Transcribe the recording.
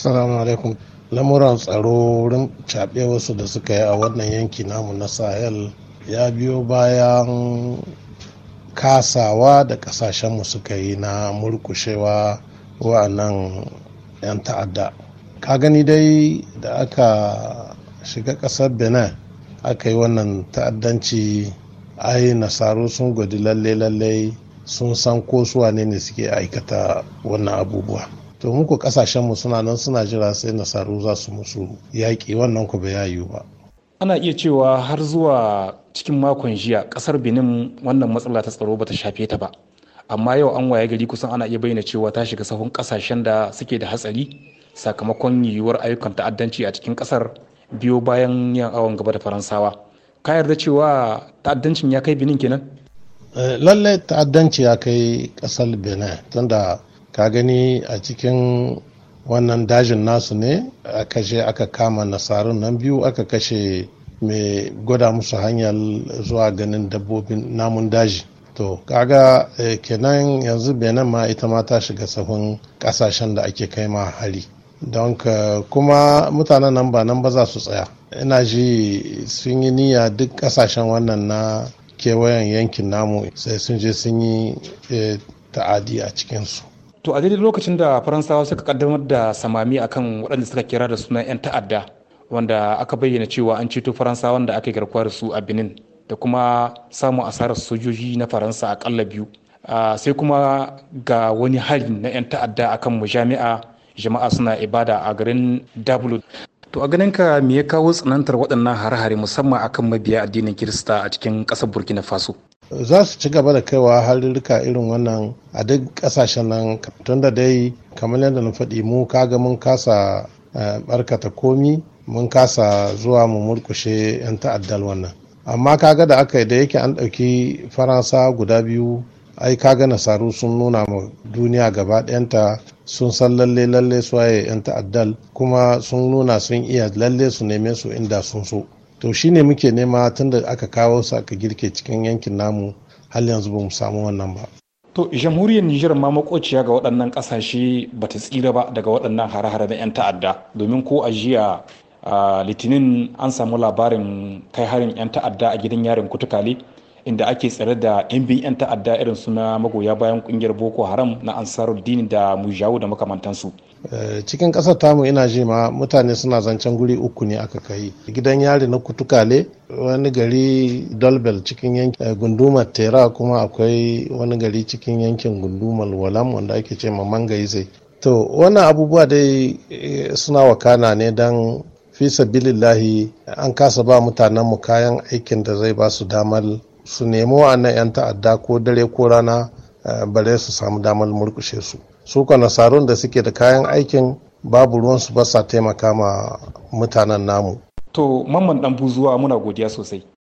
Assalamu alaikum. Lamuran tsaro wurin caɓe wasu da suka yi a wannan yanki namu na Sahel ya biyo bayan kasawa da ƙasashenmu suka yi na murkushewa wa'annan 'yan ta'adda. Ka gani dai da aka shiga ƙasar Benin aka yi wannan ta'addanci ai nasaru sun gwadi lalle-lalle sun san ko ne ne suke aikata wannan abubuwa. to muku mu suna nan suna jira sai nasaru za su musu yaƙi wannan ku bai yayu ba ana iya cewa har zuwa cikin makon jiya kasar benin wannan matsala ta tsaro bata shafe ta ba amma yau an waye gari kusan ana iya bayyana cewa ta shiga sahun kasashen da suke da hatsari sakamakon yiwuwar ayyukan ta'addanci a cikin kasar biyo bayan yin awon gaba da faransawa ka yarda cewa ta'addancin ya kai benin kenan eh, lallai ta'addanci ya kai kasar benin tunda ka gani a cikin wannan dajin nasu ne a kashe aka kama nasarun nan biyu aka kashe mai gwada musu hanyar zuwa ganin dabbobin namun daji to kaga eh, kenan yanzu benin ma ita ma ta shiga sahun kasashen da ake kai ma hari don kuma mutanen nan ba nan ba za su tsaya ina ji sun yi niyya duk kasashen wannan na kewayen yankin namu sai sun je sun yi eh, ta'adi a cikinsu to a daidai lokacin da faransawa suka kaddamar da samami akan waɗanda suka kira da sunan 'yan ta'adda wanda aka bayyana cewa an ceto faransawa wanda aka garkuwa da su a benin da kuma samun asarar sojoji na faransa akalla biyu sai kuma ga wani hari na 'yan ta'adda akan mu jami'a jama'a suna ibada a garin dablo to a ganin ka me ya kawo tsanantar waɗannan hare-hare musamman akan mabiya addinin kirista a cikin ƙasar burkina faso za su ci gaba da kaiwa halirka irin wannan a duk kasashen nan tun da dai kamar yadda na faɗi mu kaga mun kasa barkata eh, komi mun kasa zuwa mu murkushe 'yan ta'addal wannan amma kaga da aka yi da yake an ɗauki faransa guda biyu ai kaga nasaru sun nuna ma duniya gaba ɗayanta sun san lalle lalle suwaye 'yan ta'addal kuma sun nuna sun iya lalle su neme su inda sun so to shine muke nema tun da aka kawo su aka girke cikin yankin namu har yanzu ba mu samu wannan ba to jamhuriyar nijar ma makociya ga waɗannan ƙasashe ba ta tsira ba daga waɗannan hare-hare na 'yan ta'adda domin ko a litinin an samu labarin kai harin 'yan ta'adda a gidan yarin kutukale. inda ake tsare da yan bin yan ta'adda irin suna magoya bayan kungiyar boko haram na ansarar dini da mujawu da makamantansu eh, cikin kasar tamu ina ji ma mutane suna zancen guri uku ne aka kai gidan yari na kutukale wani gari dolbel cikin yankin eh, gundumar tera kuma akwai wani gari cikin yankin gundumar walam wanda ake ce ma mangaize to wannan abubuwa dai eh, suna wakana ne don fi sabilillahi an kasa ba mutanenmu kayan aikin da zai ba su damar su nemi wa'annan 'yan ta'adda ko dare ko rana eh, bare su samu damar murkushe su su kwa nasarun da suke da kayan aikin babu ruwansu ba sa taimaka ma mutanen namu to mamman dan buzuwa muna godiya sosai